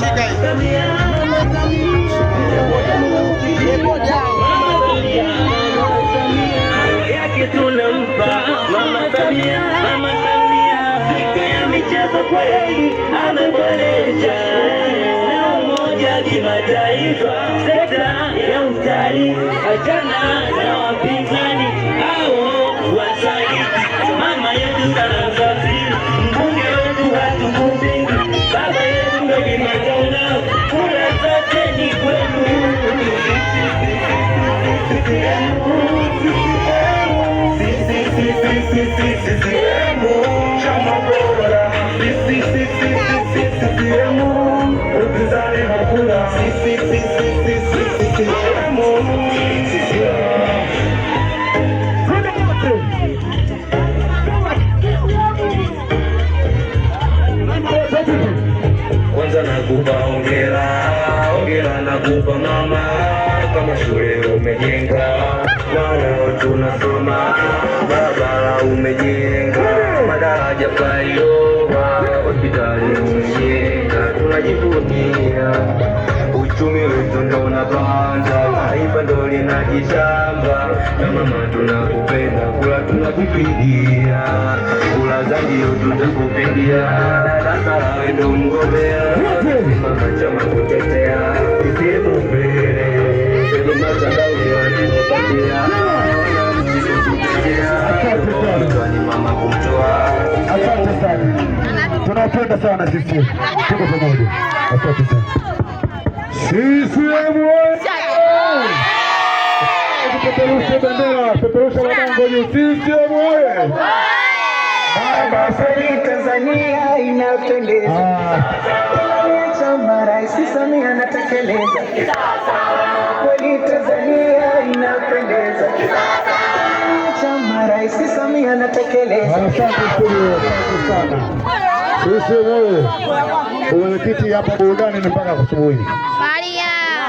Chega aí. kwa kweli ameboresha na umoja kimataifa, sekta ya utalii. Achana na wapinzani hao wasaliti. Mama yetu sana msafiri, mbunge wetu hatukumbingi, baba yetu ndo Kimagana, kura zote ni kwenu. Kwanza nakupa hongera, hongera nakupa mama, kama shule umejenga, wana tunasoma, barabara umejenga, madaraja payo tunajitamba na mama, tunakupenda kula, tunakupigia kula za jioni, tutakupigia sasa, wewe ndo mgombea mama, chama kutetea sisemu mbele Asante sana, tunapenda sana sisi, tuko pamoja. Asante sana. CCM Peperushe bendera, peperushe mabango juu. CCM oye! Baba Samia, Tanzania inapendeza. Ah. Chama hapa burudani ni mpaka asubuhi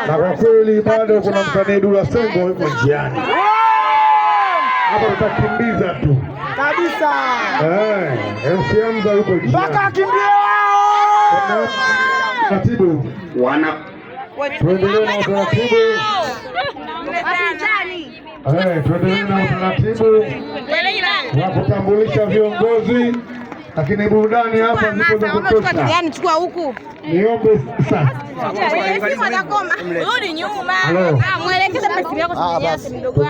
na kwa kweli bado kuna msanii Dula Sengo yuko njiani hapa, tutakimbiza tu kabisa. Eh, MC Hamza yuko njiani mpaka akimbie wao. Katibu wana tuendelee na utaratibu eh, tuendelee na utaratibu wa kutambulisha viongozi lakini burudani hapa ziko za kutosha. Chukua huku, niombe sasa, rudi nyuma, ah, mwelekeze